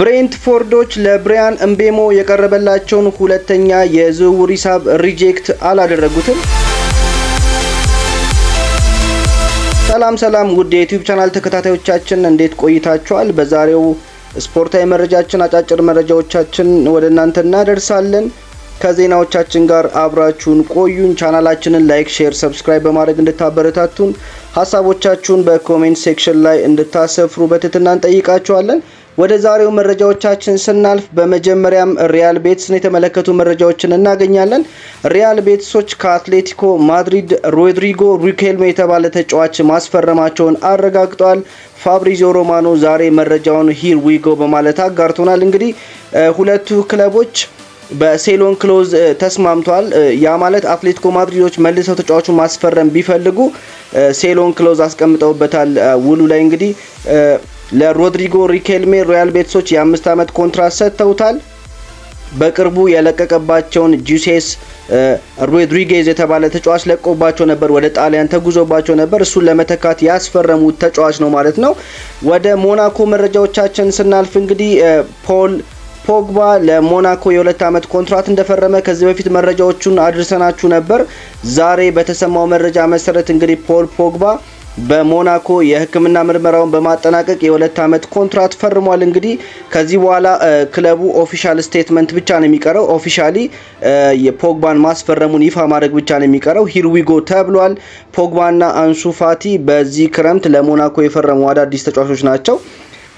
ብሬንትፎርዶች ለብሪያን እምቤሞ የቀረበላቸውን ሁለተኛ የዝውውር ሂሳብ ሪጀክት አላደረጉትም። ሰላም ሰላም ውድ የዩቲዩብ ቻናል ተከታታዮቻችን እንዴት ቆይታችኋል? በዛሬው ስፖርታዊ መረጃችን አጫጭር መረጃዎቻችን ወደ እናንተ እናደርሳለን። ከዜናዎቻችን ጋር አብራችሁን ቆዩን። ቻናላችንን ላይክ፣ ሼር፣ ሰብስክራይብ በማድረግ እንድታበረታቱን ሀሳቦቻችሁን በኮሜንት ሴክሽን ላይ እንድታሰፍሩ በትህትና እንጠይቃችኋለን። ወደ ዛሬው መረጃዎቻችን ስናልፍ በመጀመሪያም ሪያል ቤትስን የተመለከቱ መረጃዎችን እናገኛለን። ሪያል ቤትሶች ከአትሌቲኮ ማድሪድ ሮድሪጎ ሪኬልሜ የተባለ ተጫዋች ማስፈረማቸውን አረጋግጠዋል። ፋብሪዚዮ ሮማኖ ዛሬ መረጃውን ሂር ዊጎ በማለት አጋርቶናል። እንግዲህ ሁለቱ ክለቦች በሴሎን ክሎዝ ተስማምቷል። ያ ማለት አትሌቲኮ ማድሪዶች መልሰው ተጫዋቹ ማስፈረም ቢፈልጉ ሴሎን ክሎዝ አስቀምጠውበታል ውሉ ላይ እንግዲህ ለሮድሪጎ ሪኬልሜ ሮያል ቤትሶች የአምስት ዓመት ኮንትራት ሰጥተውታል። በቅርቡ የለቀቀባቸውን ጁሴስ ሮድሪጌዝ የተባለ ተጫዋች ለቆባቸው ነበር፣ ወደ ጣሊያን ተጉዞባቸው ነበር። እሱን ለመተካት ያስፈረሙት ተጫዋች ነው ማለት ነው። ወደ ሞናኮ መረጃዎቻችን ስናልፍ እንግዲህ ፖል ፖግባ ለሞናኮ የሁለት ዓመት ኮንትራት እንደፈረመ ከዚህ በፊት መረጃዎቹን አድርሰናችሁ ነበር። ዛሬ በተሰማው መረጃ መሰረት እንግዲህ ፖል ፖግባ በሞናኮ የሕክምና ምርመራውን በማጠናቀቅ የሁለት ዓመት ኮንትራት ፈርሟል። እንግዲህ ከዚህ በኋላ ክለቡ ኦፊሻል ስቴትመንት ብቻ ነው የሚቀረው። ኦፊሻሊ የፖግባን ማስፈረሙን ይፋ ማድረግ ብቻ ነው የሚቀረው። ሂርዊጎ ተብሏል። ፖግባና አንሱፋቲ በዚህ ክረምት ለሞናኮ የፈረሙ አዳዲስ ተጫዋቾች ናቸው።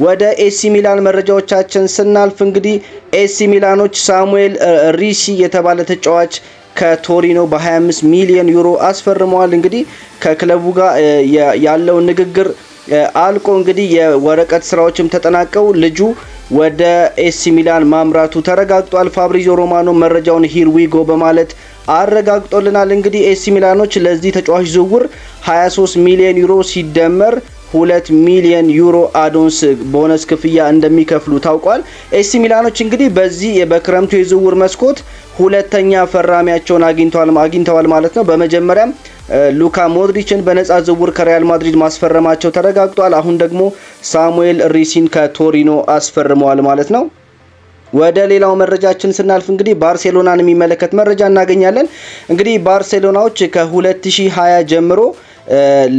ወደ ኤሲ ሚላን መረጃዎቻችን ስናልፍ እንግዲህ ኤሲ ሚላኖች ሳሙኤል ሪሲ የተባለ ተጫዋች ከቶሪኖ በ25 ሚሊዮን ዩሮ አስፈርመዋል። እንግዲህ ከክለቡ ጋር ያለው ንግግር አልቆ እንግዲህ የወረቀት ስራዎችም ተጠናቀው ልጁ ወደ ኤሲ ሚላን ማምራቱ ተረጋግጧል። ፋብሪዞ ሮማኖ መረጃውን ሂር ዊጎ በማለት አረጋግጦልናል። እንግዲህ ኤሲ ሚላኖች ለዚህ ተጫዋች ዝውውር 23 ሚሊዮን ዩሮ ሲደመር ሁለት ሚሊዮን ዩሮ አዶንስ ቦነስ ክፍያ እንደሚከፍሉ ታውቋል። ኤሲ ሚላኖች እንግዲህ በዚህ በክረምቱ የዝውውር መስኮት ሁለተኛ ፈራሚያቸውን አግኝተዋል ማለት ነው። በመጀመሪያም ሉካ ሞድሪችን በነጻ ዝውውር ከሪያል ማድሪድ ማስፈረማቸው ተረጋግጧል። አሁን ደግሞ ሳሙኤል ሪሲን ከቶሪኖ አስፈርመዋል ማለት ነው። ወደ ሌላው መረጃችን ስናልፍ እንግዲህ ባርሴሎናን የሚመለከት መረጃ እናገኛለን። እንግዲህ ባርሴሎናዎች ከ2020 ጀምሮ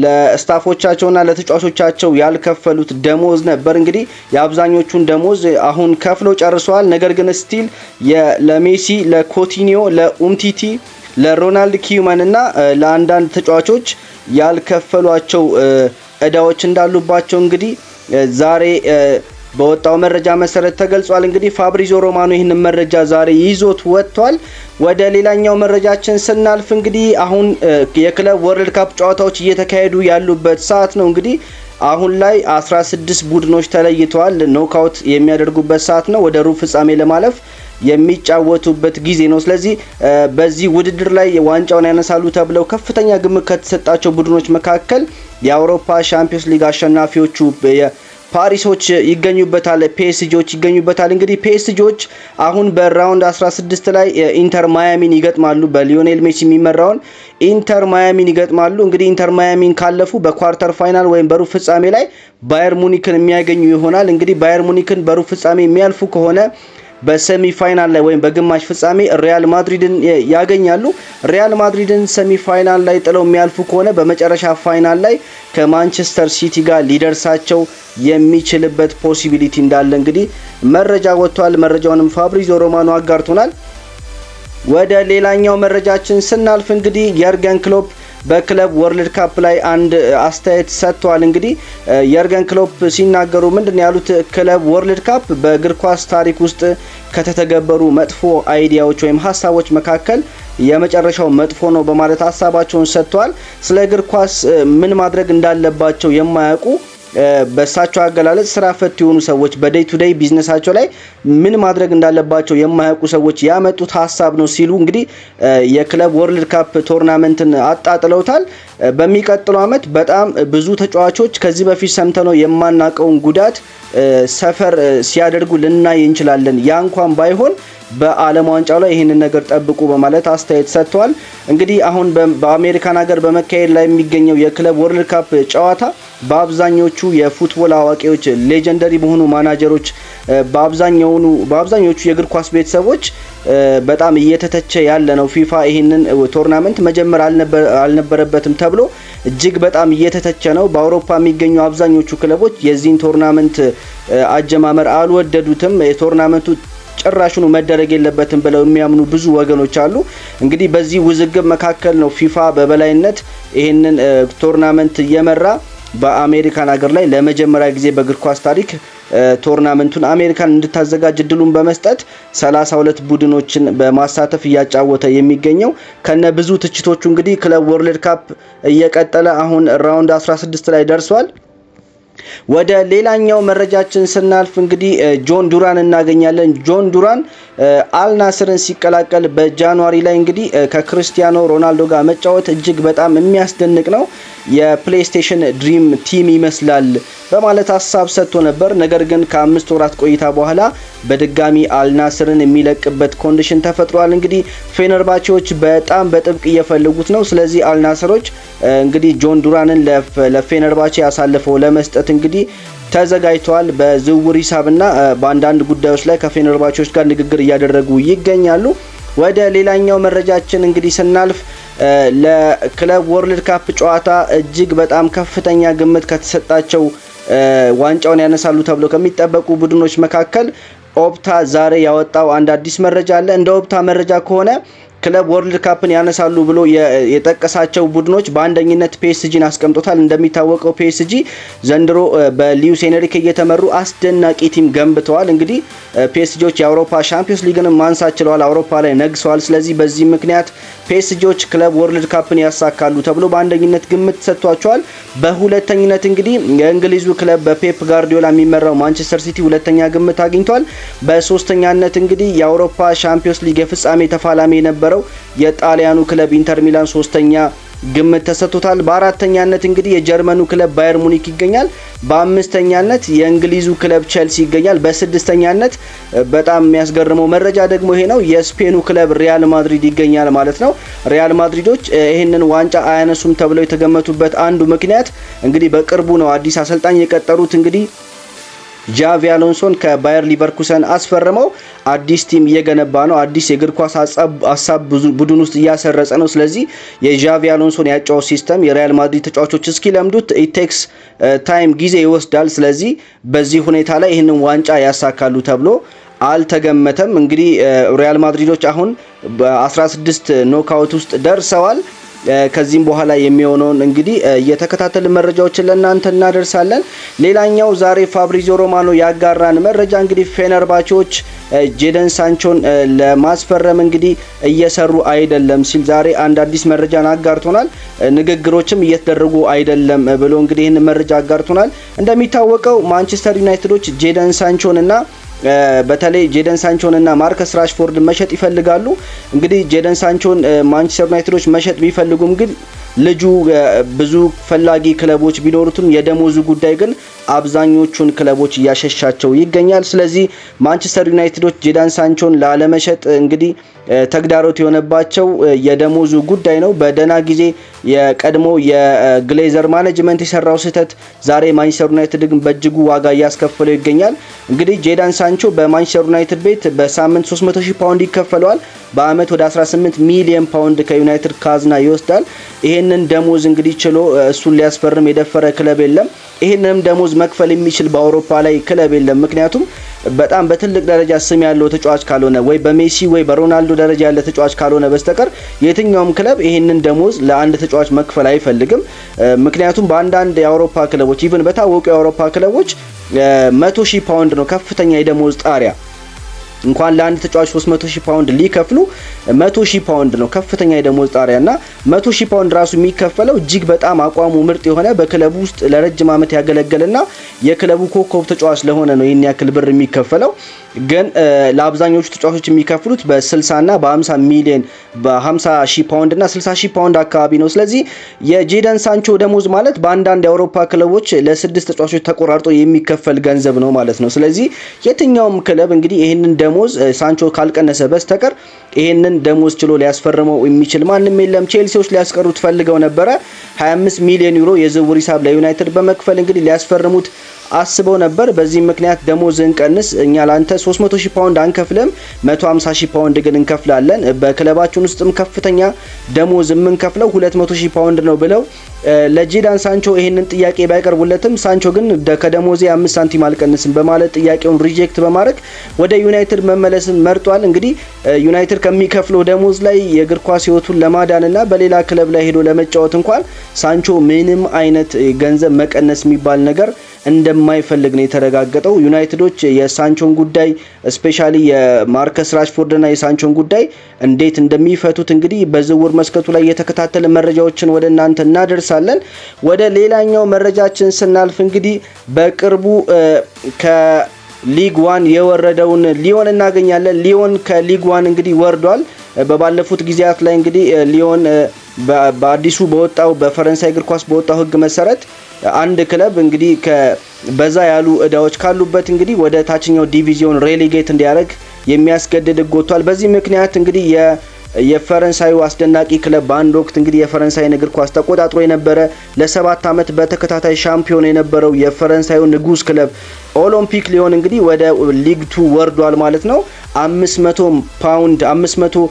ለስታፎቻቸውና ለተጫዋቾቻቸው ያልከፈሉት ደሞዝ ነበር። እንግዲህ የአብዛኞቹን ደሞዝ አሁን ከፍለው ጨርሰዋል። ነገር ግን ስቲል ለሜሲ፣ ለኮቲኒዮ፣ ለኡምቲቲ፣ ለሮናልድ ኪዩማን እና ለአንዳንድ ተጫዋቾች ያልከፈሏቸው እዳዎች እንዳሉባቸው እንግዲህ ዛሬ በወጣው መረጃ መሰረት ተገልጿል። እንግዲህ ፋብሪዞ ሮማኖ ይህንን መረጃ ዛሬ ይዞት ወጥቷል። ወደ ሌላኛው መረጃችን ስናልፍ እንግዲህ አሁን የክለብ ወርልድ ካፕ ጨዋታዎች እየተካሄዱ ያሉበት ሰዓት ነው እንግዲህ አሁን ላይ 16 ቡድኖች ተለይተዋል። ኖካውት የሚያደርጉበት ሰዓት ነው። ወደ ሩብ ፍጻሜ ለማለፍ የሚጫወቱበት ጊዜ ነው። ስለዚህ በዚህ ውድድር ላይ ዋንጫውን ያነሳሉ ተብለው ከፍተኛ ግምት ከተሰጣቸው ቡድኖች መካከል የአውሮፓ ሻምፒዮንስ ሊግ አሸናፊዎቹ ፓሪሶች ይገኙበታል፣ ፒኤስጂዎች ይገኙበታል። እንግዲህ ፒኤስጂዎች አሁን በራውንድ 16 ላይ ኢንተር ማያሚን ይገጥማሉ። በሊዮኔል ሜሲ የሚመራውን ኢንተር ማያሚን ይገጥማሉ። እንግዲህ ኢንተር ማያሚን ካለፉ በኳርተር ፋይናል ወይም በሩብ ፍጻሜ ላይ ባየር ሙኒክን የሚያገኙ ይሆናል። እንግዲህ ባየር ሙኒክን በሩብ ፍጻሜ የሚያልፉ ከሆነ በሰሚ ፋይናል ላይ ወይም በግማሽ ፍጻሜ ሪያል ማድሪድን ያገኛሉ። ሪያል ማድሪድን ሰሚ ፋይናል ላይ ጥለው የሚያልፉ ከሆነ በመጨረሻ ፋይናል ላይ ከማንቸስተር ሲቲ ጋር ሊደርሳቸው የሚችልበት ፖሲቢሊቲ እንዳለ እንግዲህ መረጃ ወጥቷል። መረጃውንም ፋብሪዞ ሮማኖ አጋርቶናል። ወደ ሌላኛው መረጃችን ስናልፍ እንግዲህ የርገን ክሎፕ በክለብ ወርልድ ካፕ ላይ አንድ አስተያየት ሰጥተዋል። እንግዲህ የርገን ክሎፕ ሲናገሩ ምንድን ያሉት ክለብ ወርልድ ካፕ በእግር ኳስ ታሪክ ውስጥ ከተተገበሩ መጥፎ አይዲያዎች ወይም ሀሳቦች መካከል የመጨረሻው መጥፎ ነው በማለት ሀሳባቸውን ሰጥቷል። ስለ እግር ኳስ ምን ማድረግ እንዳለባቸው የማያውቁ በእሳቸው አገላለጽ ስራ ፈት የሆኑ ሰዎች በደይ ቱደይ ቢዝነሳቸው ላይ ምን ማድረግ እንዳለባቸው የማያውቁ ሰዎች ያመጡት ሀሳብ ነው ሲሉ እንግዲህ የክለብ ወርልድ ካፕ ቶርናመንትን አጣጥለውታል። በሚቀጥለው አመት በጣም ብዙ ተጫዋቾች ከዚህ በፊት ሰምተነው የማናቀውን ጉዳት ሰፈር ሲያደርጉ ልናይ እንችላለን። ያ እንኳን ባይሆን በዓለም ዋንጫው ላይ ይህንን ነገር ጠብቁ በማለት አስተያየት ሰጥተዋል። እንግዲህ አሁን በአሜሪካን ሀገር በመካሄድ ላይ የሚገኘው የክለብ ወርልድ ካፕ ጨዋታ በአብዛኞቹ የፉትቦል አዋቂዎች ሌጀንደሪ በሆኑ ማናጀሮች በአብዛኞቹ የእግር ኳስ ቤተሰቦች በጣም እየተተቸ ያለ ነው። ፊፋ ይህንን ቶርናመንት መጀመር አልነበረበትም ተብሎ እጅግ በጣም እየተተቸ ነው። በአውሮፓ የሚገኙ አብዛኞቹ ክለቦች የዚህን ቶርናመንት አጀማመር አልወደዱትም። የቶርናመንቱ ጭራሹኑ መደረግ የለበትም ብለው የሚያምኑ ብዙ ወገኖች አሉ። እንግዲህ በዚህ ውዝግብ መካከል ነው ፊፋ በበላይነት ይህንን ቶርናመንት እየመራ በአሜሪካን ሀገር ላይ ለመጀመሪያ ጊዜ በእግር ኳስ ታሪክ ቶርናመንቱን አሜሪካን እንድታዘጋጅ እድሉን በመስጠት 32 ቡድኖችን በማሳተፍ እያጫወተ የሚገኘው ከነ ብዙ ትችቶቹ እንግዲህ ክለብ ወርልድ ካፕ እየቀጠለ አሁን ራውንድ 16 ላይ ደርሷል። ወደ ሌላኛው መረጃችን ስናልፍ እንግዲህ ጆን ዱራን እናገኛለን። ጆን ዱራን አልናስርን ሲቀላቀል በጃንዋሪ ላይ እንግዲህ ከክርስቲያኖ ሮናልዶ ጋር መጫወት እጅግ በጣም የሚያስደንቅ ነው። የፕሌይስቴሽን ድሪም ቲም ይመስላል በማለት ሀሳብ ሰጥቶ ነበር። ነገር ግን ከአምስት ወራት ቆይታ በኋላ በድጋሚ አልናስርን የሚለቅበት ኮንዲሽን ተፈጥሯል። እንግዲህ ፌነርባቼዎች በጣም በጥብቅ እየፈለጉት ነው። ስለዚህ አልናስሮች እንግዲህ ጆን ዱራንን ለፌነርባቼ ያሳልፈው ለመስጠት እንግዲህ ተዘጋጅተዋል። በዝውውር ሂሳብና በአንዳንድ ጉዳዮች ላይ ከፌነርባቼዎች ጋር ንግግር እያደረጉ ይገኛሉ። ወደ ሌላኛው መረጃችን እንግዲህ ስናልፍ ለክለብ ወርልድ ካፕ ጨዋታ እጅግ በጣም ከፍተኛ ግምት ከተሰጣቸው ዋንጫውን ያነሳሉ ተብሎ ከሚጠበቁ ቡድኖች መካከል ኦፕታ ዛሬ ያወጣው አንድ አዲስ መረጃ አለ። እንደ ኦፕታ መረጃ ከሆነ ክለብ ወርልድ ካፕን ያነሳሉ ብሎ የጠቀሳቸው ቡድኖች በአንደኝነት ፒኤስጂን አስቀምጦታል። እንደሚታወቀው ፒኤስጂ ዘንድሮ በሊዩስ ኤንሪክ እየተመሩ አስደናቂ ቲም ገንብተዋል። እንግዲህ ፒኤስጂዎች የአውሮፓ ሻምፒዮንስ ሊግንም ማንሳት ችለዋል፣ አውሮፓ ላይ ነግሰዋል። ስለዚህ በዚህ ምክንያት ፒኤስጂዎች ክለብ ወርልድ ካፕን ያሳካሉ ተብሎ በአንደኝነት ግምት ሰጥቷቸዋል። በሁለተኝነት እንግዲህ የእንግሊዙ ክለብ በፔፕ ጋርዲዮላ የሚመራው ማንቸስተር ሲቲ ሁለተኛ ግምት አግኝቷል። በሶስተኛነት እንግዲህ የአውሮፓ ሻምፒዮንስ ሊግ የፍጻሜ ተፋላሚ የነበረው የነበረው የጣሊያኑ ክለብ ኢንተር ሚላን ሶስተኛ ግምት ተሰጥቶታል። በአራተኛነት እንግዲህ የጀርመኑ ክለብ ባየር ሙኒክ ይገኛል። በአምስተኛነት የእንግሊዙ ክለብ ቸልሲ ይገኛል። በስድስተኛነት በጣም የሚያስገርመው መረጃ ደግሞ ይሄ ነው፣ የስፔኑ ክለብ ሪያል ማድሪድ ይገኛል ማለት ነው። ሪያል ማድሪዶች ይህንን ዋንጫ አያነሱም ተብለው የተገመቱበት አንዱ ምክንያት እንግዲህ በቅርቡ ነው አዲስ አሰልጣኝ የቀጠሩት እንግዲህ ጃቪ አሎንሶን ከባየር ሊቨርኩሰን አስፈርመው አዲስ ቲም እየገነባ ነው። አዲስ የእግር ኳስ ሀሳብ ቡድን ውስጥ እያሰረጸ ነው። ስለዚህ የጃቪ አሎንሶን ያጫወት ሲስተም የሪያል ማድሪድ ተጫዋቾች እስኪለምዱት ኢቴክስ ታይም ጊዜ ይወስዳል። ስለዚህ በዚህ ሁኔታ ላይ ይህንን ዋንጫ ያሳካሉ ተብሎ አልተገመተም። እንግዲህ ሪያል ማድሪዶች አሁን በ16 ኖካውት ውስጥ ደርሰዋል። ከዚህም በኋላ የሚሆነውን እንግዲህ እየተከታተል መረጃዎችን ለእናንተ እናደርሳለን። ሌላኛው ዛሬ ፋብሪዚዮ ሮማኖ ያጋራን መረጃ እንግዲህ ፌነርባቾች ጄደን ሳንቾን ለማስፈረም እንግዲህ እየሰሩ አይደለም ሲል ዛሬ አንድ አዲስ መረጃን አጋርቶናል። ንግግሮችም እየተደረጉ አይደለም ብሎ እንግዲህ ይህን መረጃ አጋርቶናል። እንደሚታወቀው ማንቸስተር ዩናይትዶች ጄደን ሳንቾን እና በተለይ ጄደን ሳንቾን እና ማርከስ ራሽፎርድ መሸጥ ይፈልጋሉ። እንግዲህ ጄደን ሳንቾን ማንቸስተር ዩናይትዶች መሸጥ ቢፈልጉም ግን ልጁ ብዙ ፈላጊ ክለቦች ቢኖሩትም የደሞዙ ጉዳይ ግን አብዛኞቹን ክለቦች እያሸሻቸው ይገኛል። ስለዚህ ማንቸስተር ዩናይትዶች ጄዳን ሳንቾን ላለመሸጥ እንግዲህ ተግዳሮት የሆነባቸው የደሞዙ ጉዳይ ነው። በደህና ጊዜ የቀድሞ የግሌዘር ማኔጅመንት የሰራው ስህተት ዛሬ ማንቸስተር ዩናይትድ በእጅጉ ዋጋ እያስከፈለው ይገኛል። እንግዲህ ጄዳን ሳንቾ በማንቸስተር ዩናይትድ ቤት በሳምንት 300 ሺህ ፓውንድ ይከፈለዋል። በአመት ወደ 18 ሚሊዮን ፓውንድ ከዩናይትድ ካዝና ይወስዳል። ይህንን ደሞዝ እንግዲህ ችሎ እሱን ሊያስፈርም የደፈረ ክለብ የለም። ይህንንም ደሞዝ መክፈል የሚችል በአውሮፓ ላይ ክለብ የለም። ምክንያቱም በጣም በትልቅ ደረጃ ስም ያለው ተጫዋች ካልሆነ ወይ በሜሲ ወይ በሮናልዶ ደረጃ ያለ ተጫዋች ካልሆነ በስተቀር የትኛውም ክለብ ይህንን ደሞዝ ለአንድ ተጫዋች መክፈል አይፈልግም። ምክንያቱም በአንዳንድ የአውሮፓ ክለቦች ኢቨን በታወቁ የአውሮፓ ክለቦች መቶ ሺህ ፓውንድ ነው ከፍተኛ የደሞዝ ጣሪያ እንኳን ለአንድ ተጫዋች 300 ሺህ ፓውንድ ሊከፍሉ 100 ሺህ ፓውንድ ነው ከፍተኛ የደሞዝ ጣሪያና 100 ሺህ ፓውንድ ራሱ የሚከፈለው እጅግ በጣም አቋሙ ምርጥ የሆነ በክለቡ ውስጥ ለረጅም ዓመት ያገለገለና የክለቡ ኮከብ ተጫዋች ለሆነ ነው ይህን ያክል ብር የሚከፈለው። ግን ለአብዛኞቹ ተጫዋቾች የሚከፍሉት በ60ና በ50 ሚሊዮን በ50 ሺህ ፓውንድ እና 60 ሺህ ፓውንድ አካባቢ ነው። ስለዚህ የጄደን ሳንቾ ደሞዝ ማለት በአንዳንድ የአውሮፓ ክለቦች ለስድስት ተጫዋቾች ተቆራርጦ የሚከፈል ገንዘብ ነው ማለት ነው። ስለዚህ የትኛውም ክለብ እንግዲህ ይህንን ደሞ ደሞዝ ሳንቾ ካልቀነሰ በስተቀር ይሄንን ደሞዝ ችሎ ሊያስፈርመው የሚችል ማንም የለም። ቼልሲዎች ሊያስቀሩት ፈልገው ነበረ። 25 ሚሊዮን ዩሮ የዝውውር ሂሳብ ለዩናይትድ በመክፈል እንግዲህ ሊያስፈርሙት አስበው ነበር። በዚህ ምክንያት ደሞዝ እንቀንስ፣ እኛ ላንተ 300 ሺህ ፓውንድ አንከፍልም፣ 150 ሺህ ፓውንድ ግን እንከፍላለን። በክለባችን ውስጥም ከፍተኛ ደሞዝ የምንከፍለው 200 ሺህ ፓውንድ ነው ብለው ለጂዳን ሳንቾ ይህንን ጥያቄ ባይቀርቡለትም ሳንቾ ግን ከደሞዜ አምስት ሳንቲም አልቀንስም በማለት ጥያቄውን ሪጀክት በማድረግ ወደ ዩናይትድ መመለስን መርጧል። እንግዲህ ዩናይትድ ከሚከፍለው ደሞዝ ላይ የእግር ኳስ ህይወቱን ለማዳንና በሌላ ክለብ ላይ ሄዶ ለመጫወት እንኳን ሳንቾ ምንም አይነት ገንዘብ መቀነስ የሚባል ነገር እንደማይፈልግ ነው የተረጋገጠው። ዩናይትዶች የሳንቾን ጉዳይ ስፔሻሊ የማርከስ ራሽፎርድና የሳንቾን ጉዳይ እንዴት እንደሚፈቱት እንግዲህ በዝውውር መስኮቱ ላይ የተከታተለ መረጃዎችን ወደ እናንተ እናደርሳለን። ወደ ሌላኛው መረጃችን ስናልፍ እንግዲህ በቅርቡ ከ ሊግ ዋን የወረደውን ሊዮን እናገኛለን። ሊዮን ከሊግ ዋን እንግዲህ ወርዷል። በባለፉት ጊዜያት ላይ እንግዲህ ሊዮን በአዲሱ በወጣው በፈረንሳይ እግር ኳስ በወጣው ሕግ መሰረት አንድ ክለብ እንግዲህ በዛ ያሉ እዳዎች ካሉበት እንግዲህ ወደ ታችኛው ዲቪዚዮን ሬሊጌት እንዲያደርግ የሚያስገድድ ህግ ወጥቷል። በዚህ ምክንያት እንግዲህ የፈረንሳዩ አስደናቂ ክለብ በአንድ ወቅት እንግዲህ የፈረንሳይን እግር ኳስ ተቆጣጥሮ የነበረ ለሰባት ዓመት በተከታታይ ሻምፒዮን የነበረው የፈረንሳዩ ንጉስ ክለብ ኦሎምፒክ ሊዮን እንግዲህ ወደ ሊግ ወርዷል ማለት ነው። 500 ፓውንድ 500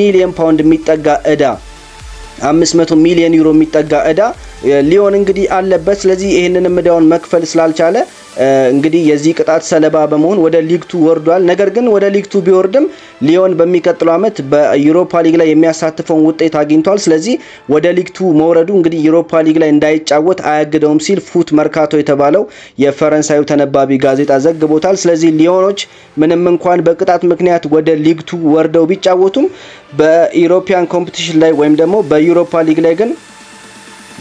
ሚሊዮን ፓውንድ የሚጠጋ እዳ 500 ሚሊዮን ዩሮ የሚጠጋ እዳ ሊሆን እንግዲህ አለበት። ስለዚህ ይህንን ምዳውን መክፈል ስላልቻለ እንግዲህ የዚህ ቅጣት ሰለባ በመሆን ወደ ሊግቱ ወርዷል። ነገር ግን ወደ ሊግቱ ቢወርድም ሊዮን በሚቀጥለው ዓመት በዩሮፓ ሊግ ላይ የሚያሳትፈውን ውጤት አግኝቷል። ስለዚህ ወደ ሊግቱ መውረዱ እንግዲህ ዩሮፓ ሊግ ላይ እንዳይጫወት አያግደውም ሲል ፉት መርካቶ የተባለው የፈረንሳዩ ተነባቢ ጋዜጣ ዘግቦታል። ስለዚህ ሊዮኖች ምንም እንኳን በቅጣት ምክንያት ወደ ሊግቱ ወርደው ቢጫወቱም በኢሮፒያን ኮምፒቲሽን ላይ ወይም ደግሞ በዩሮፓ ሊግ ላይ ግን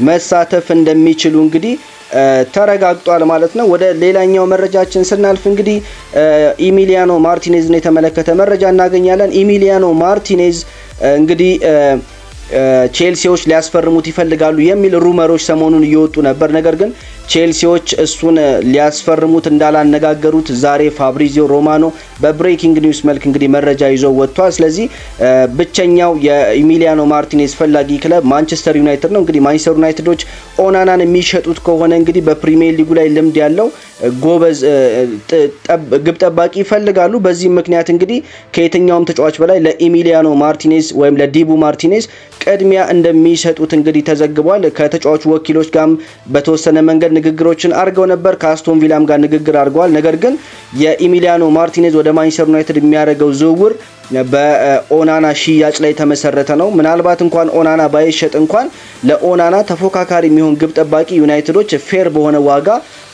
መሳተፍ እንደሚችሉ እንግዲህ ተረጋግጧል ማለት ነው። ወደ ሌላኛው መረጃችን ስናልፍ እንግዲህ ኢሚሊያኖ ማርቲኔዝን የተመለከተ መረጃ እናገኛለን። ኢሚሊያኖ ማርቲኔዝ እንግዲህ ቼልሲዎች ሊያስፈርሙት ይፈልጋሉ የሚል ሩመሮች ሰሞኑን እየወጡ ነበር። ነገር ግን ቼልሲዎች እሱን ሊያስፈርሙት እንዳላነጋገሩት ዛሬ ፋብሪዚዮ ሮማኖ በብሬኪንግ ኒውስ መልክ እንግዲህ መረጃ ይዞ ወጥቷል። ስለዚህ ብቸኛው የኢሚሊያኖ ማርቲኔዝ ፈላጊ ክለብ ማንቸስተር ዩናይትድ ነው። እንግዲህ ማንቸስተር ዩናይትዶች ኦናናን የሚሸጡት ከሆነ እንግዲህ በፕሪሚየር ሊጉ ላይ ልምድ ያለው ጎበዝ ግብ ጠባቂ ይፈልጋሉ። በዚህም ምክንያት እንግዲህ ከየትኛውም ተጫዋች በላይ ለኢሚሊያኖ ማርቲኔዝ ወይም ለዲቡ ማርቲኔዝ ቅድሚያ እንደሚሰጡት እንግዲህ ተዘግቧል። ከተጫዋቹ ወኪሎች ጋርም በተወሰነ መንገድ ንግግሮችን አድርገው ነበር። ከአስቶን ቪላም ጋር ንግግር አድርገዋል። ነገር ግን የኢሚሊያኖ ማርቲኔዝ ወደ ማንቸስተር ዩናይትድ የሚያደርገው ዝውውር በኦናና ሽያጭ ላይ የተመሰረተ ነው። ምናልባት እንኳን ኦናና ባይሸጥ እንኳን ለኦናና ተፎካካሪ የሚሆን ግብ ጠባቂ ዩናይትዶች ፌር በሆነ ዋጋ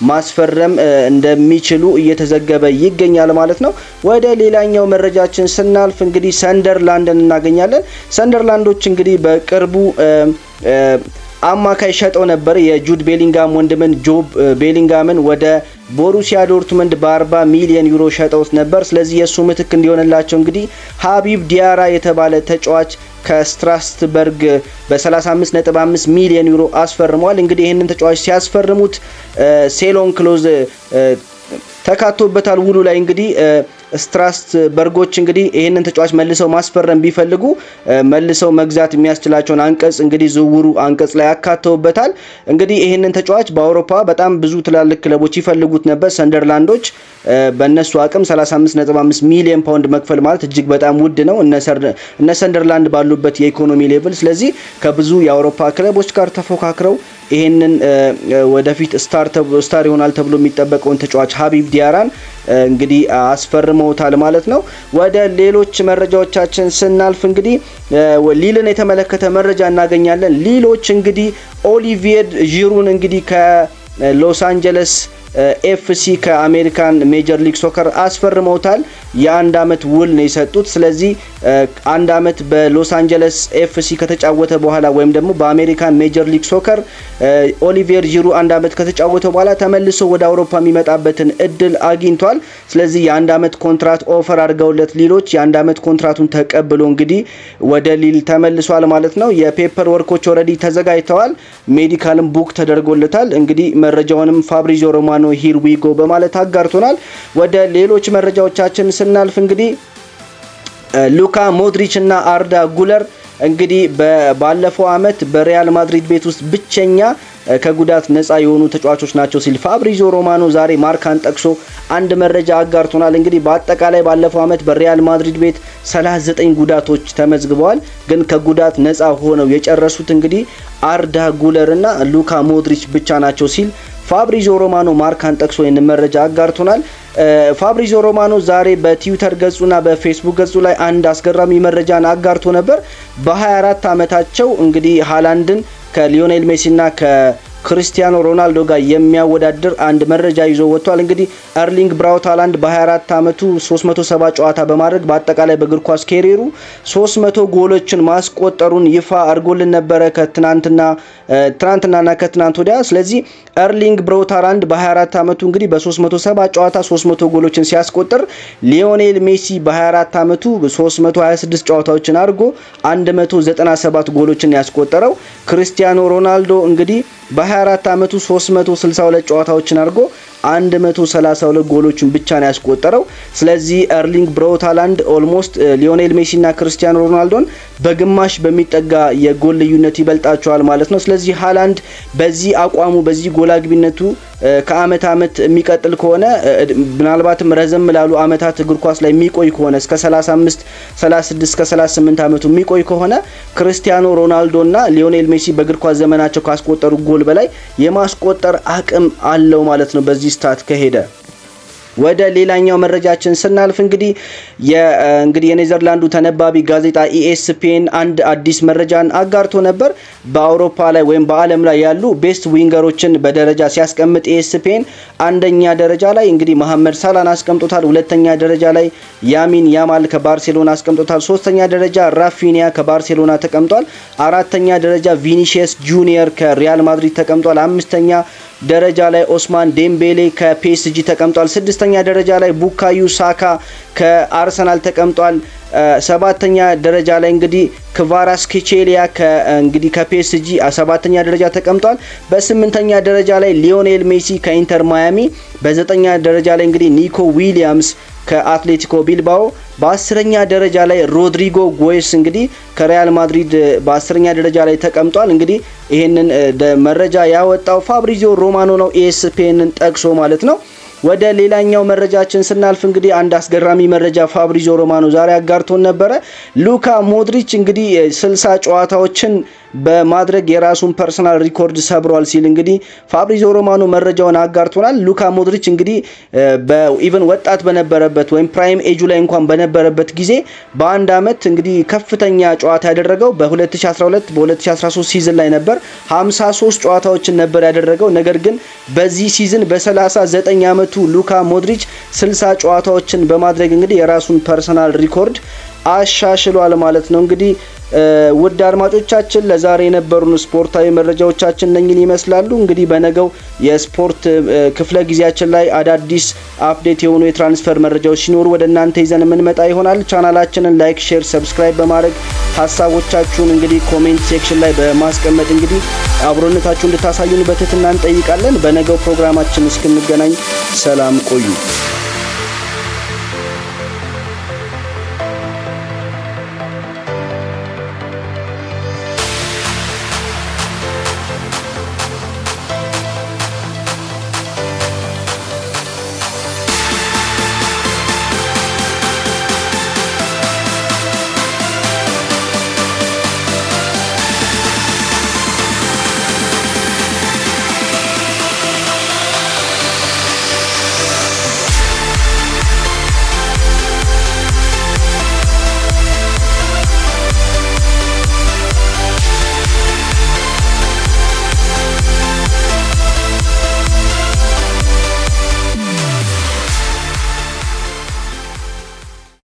ማስፈረም እንደሚችሉ እየተዘገበ ይገኛል ማለት ነው። ወደ ሌላኛው መረጃችን ስናልፍ እንግዲህ ሰንደርላንድን እናገኛለን። ሰንደርላንዶች እንግዲህ በቅርቡ አማካይ ሸጠው ነበር። የጁድ ቤሊንጋም ወንድምን ጆብ ቤሊንጋምን ወደ ቦሩሲያ ዶርትመንድ በ40 ሚሊዮን ዩሮ ሸጠውት ነበር። ስለዚህ የእሱ ምትክ እንዲሆንላቸው እንግዲህ ሀቢብ ዲያራ የተባለ ተጫዋች ከስትራስበርግ በ35.5 ሚሊዮን ዩሮ አስፈርመዋል። እንግዲህ ይህንን ተጫዋች ሲያስፈርሙት ሴሎን ክሎዝ ተካቶበታል ውሉ ላይ እንግዲህ ስትራስበርጎች እንግዲህ ይህንን ተጫዋች መልሰው ማስፈረም ቢፈልጉ መልሰው መግዛት የሚያስችላቸውን አንቀጽ እንግዲህ ዝውውሩ አንቀጽ ላይ ያካተውበታል። እንግዲህ ይህንን ተጫዋች በአውሮፓ በጣም ብዙ ትላልቅ ክለቦች ይፈልጉት ነበር። ሰንደርላንዶች በእነሱ አቅም 35.5 ሚሊዮን ፓውንድ መክፈል ማለት እጅግ በጣም ውድ ነው እነ ሰንደርላንድ ባሉበት የኢኮኖሚ ሌቭል። ስለዚህ ከብዙ የአውሮፓ ክለቦች ጋር ተፎካክረው ይህንን ወደፊት ስታር ይሆናል ተብሎ የሚጠበቀውን ተጫዋች ሀቢብ ዲያራን እንግዲህ አስፈርመውታል ማለት ነው። ወደ ሌሎች መረጃዎቻችን ስናልፍ እንግዲህ ሊልን የተመለከተ መረጃ እናገኛለን። ሊሎች እንግዲህ ኦሊቪየር ዢሩን እንግዲህ ከሎስ አንጀለስ ኤፍሲ ከአሜሪካን ሜጀር ሊግ ሶከር አስፈርመውታል። የአንድ አመት ውል ነው የሰጡት። ስለዚህ አንድ አመት በሎስ አንጀለስ ኤፍሲ ከተጫወተ በኋላ ወይም ደግሞ በአሜሪካን ሜጀር ሊግ ሶከር ኦሊቬር ጂሩ አንድ አመት ከተጫወተ በኋላ ተመልሶ ወደ አውሮፓ የሚመጣበትን እድል አግኝቷል። ስለዚህ የአንድ አመት ኮንትራት ኦፈር አድርገውለት ሊሎች የአንድ አመት ኮንትራቱን ተቀብሎ እንግዲህ ወደ ሊል ተመልሷል ማለት ነው። የፔፐር ወርኮች ኦልሬዲ ተዘጋጅተዋል። ሜዲካልም ቡክ ተደርጎለታል። እንግዲህ መረጃውንም ፋብሪዞ ሮማ ኖ ሂር ዊጎ በማለት አጋርቶናል። ወደ ሌሎች መረጃዎቻችን ስናልፍ እንግዲህ ሉካ ሞድሪች እና አርዳ ጉለር እንግዲህ ባለፈው አመት በሪያል ማድሪድ ቤት ውስጥ ብቸኛ ከጉዳት ነፃ የሆኑ ተጫዋቾች ናቸው ሲል ፋብሪዞ ሮማኖ ዛሬ ማርካን ጠቅሶ አንድ መረጃ አጋርቶናል። እንግዲህ በአጠቃላይ ባለፈው አመት በሪያል ማድሪድ ቤት 39 ጉዳቶች ተመዝግበዋል። ግን ከጉዳት ነፃ ሆነው የጨረሱት እንግዲህ አርዳ ጉለር እና ሉካ ሞድሪች ብቻ ናቸው ሲል ፋብሪዞ ሮማኖ ማርካን ጠቅሶ ይህንን መረጃ አጋርቶናል። ፋብሪዞ ሮማኖ ዛሬ በትዊተር ገጹና በፌስቡክ ገጹ ላይ አንድ አስገራሚ መረጃን አጋርቶ ነበር። በ24 ዓመታቸው እንግዲህ ሃላንድን ከሊዮኔል ሜሲና ክርስቲያኖ ሮናልዶ ጋር የሚያወዳድር አንድ መረጃ ይዞ ወጥቷል። እንግዲህ ኤርሊንግ ብራውት ሃላንድ በ24 ዓመቱ 370 ጨዋታ በማድረግ በአጠቃላይ በእግር ኳስ ኬሪሩ 300 ጎሎችን ማስቆጠሩን ይፋ አድርጎልን ነበረ ከትናንትና ትናንትናና ከትናንት ወዲያ። ስለዚህ ኤርሊንግ ብራውት ሃላንድ በ24 ዓመቱ እንግዲህ በ370 ጨዋታ 300 ጎሎችን ሲያስቆጥር ሊዮኔል ሜሲ በ24 ዓመቱ 326 ጨዋታዎችን አድርጎ 197 ጎሎችን ያስቆጠረው ክርስቲያኖ ሮናልዶ እንግዲህ በ24 ዓመቱ 362 ጨዋታዎችን አድርጎ 132 ጎሎችን ብቻ ነው ያስቆጠረው። ስለዚህ ኤርሊንግ ብሮታላንድ ኦልሞስት ሊዮኔል ሜሲና ክርስቲያኖ ሮናልዶን በግማሽ በሚጠጋ የጎል ልዩነት ይበልጣቸዋል ማለት ነው። ስለዚህ ሃላንድ በዚህ አቋሙ በዚህ ጎል አግቢነቱ ከአመት አመት የሚቀጥል ከሆነ ምናልባትም ረዘም ላሉ አመታት እግር ኳስ ላይ የሚቆይ ከሆነ እስከ 35 36 እስከ 38 አመቱ የሚቆይ ከሆነ ክርስቲያኖ እና ሊዮኔል ሜሲ በእግር ኳስ ዘመናቸው ካስቆጠሩ ጎል በላይ የማስቆጠር አቅም አለው ማለት ነው በዚህ ስታት ከሄደ ወደ ሌላኛው መረጃችን ስናልፍ እንግዲህ እንግዲህ የኔዘርላንዱ ተነባቢ ጋዜጣ ኢኤስፒኤን e አንድ አዲስ መረጃን አጋርቶ ነበር። በአውሮፓ ላይ ወይም በዓለም ላይ ያሉ ቤስት ዊንገሮችን በደረጃ ሲያስቀምጥ ኢኤስፒኤን e አንደኛ ደረጃ ላይ እንግዲህ መሐመድ ሳላን አስቀምጦታል። ሁለተኛ ደረጃ ላይ ያሚን ያማል ከባርሴሎና አስቀምጦታል። ሶስተኛ ደረጃ ራፊኒያ ከባርሴሎና ተቀምጧል። አራተኛ ደረጃ ቪኒሺየስ ጁኒየር ከሪያል ማድሪድ ተቀምጧል። አምስተኛ ደረጃ ላይ ኦስማን ዴምቤሌ ከፒኤስጂ ተቀምጧል። ስድስተኛ ደረጃ ላይ ቡካዩ ሳካ ከአርሰናል ተቀምጧል። ሰባተኛ ደረጃ ላይ እንግዲህ ክቫራስ ኬቼሊያ እንግዲህ ከፒኤስጂ ሰባተኛ ደረጃ ተቀምጧል። በስምንተኛ ደረጃ ላይ ሊዮኔል ሜሲ ከኢንተር ማያሚ፣ በዘጠኛ ደረጃ ላይ እንግዲህ ኒኮ ዊሊያምስ ከአትሌቲኮ ቢልባኦ በአስረኛ ደረጃ ላይ ሮድሪጎ ጎይስ እንግዲህ ከሪያል ማድሪድ በአስረኛ ደረጃ ላይ ተቀምጧል። እንግዲህ ይህንን መረጃ ያወጣው ፋብሪዚዮ ሮማኖ ነው ኤስፒኤንን ጠቅሶ ማለት ነው። ወደ ሌላኛው መረጃችን ስናልፍ እንግዲህ አንድ አስገራሚ መረጃ ፋብሪዚዮ ሮማኖ ዛሬ አጋርቶን ነበረ። ሉካ ሞድሪች እንግዲህ ስልሳ ጨዋታዎችን በማድረግ የራሱን ፐርሰናል ሪኮርድ ሰብሯል ሲል እንግዲህ ፋብሪዞ ሮማኖ መረጃውን አጋርቶናል። ሉካ ሞድሪች እንግዲህ ኢቨን ወጣት በነበረበት ወይም ፕራይም ኤጁ ላይ እንኳን በነበረበት ጊዜ በአንድ አመት እንግዲህ ከፍተኛ ጨዋታ ያደረገው በ2012 በ2013 ሲዝን ላይ ነበር። 53 ጨዋታዎችን ነበር ያደረገው። ነገር ግን በዚህ ሲዝን በ39 አመቱ ሉካ ሞድሪች 60 ጨዋታዎችን በማድረግ እንግዲህ የራሱን ፐርሰናል ሪኮርድ አሻሽሏል ማለት ነው እንግዲህ ውድ አድማጮቻችን ለዛሬ የነበሩን ስፖርታዊ መረጃዎቻችን ነኝን ይመስላሉ። እንግዲህ በነገው የስፖርት ክፍለ ጊዜያችን ላይ አዳዲስ አፕዴት የሆኑ የትራንስፈር መረጃዎች ሲኖሩ ወደ እናንተ ይዘን የምንመጣ ይሆናል። ቻናላችንን ላይክ፣ ሼር፣ ሰብስክራይብ በማድረግ ሀሳቦቻችሁን እንግዲህ ኮሜንት ሴክሽን ላይ በማስቀመጥ እንግዲህ አብሮነታችሁ እንድታሳዩን በትህትና እንጠይቃለን። በነገው ፕሮግራማችን እስክንገናኝ ሰላም ቆዩ።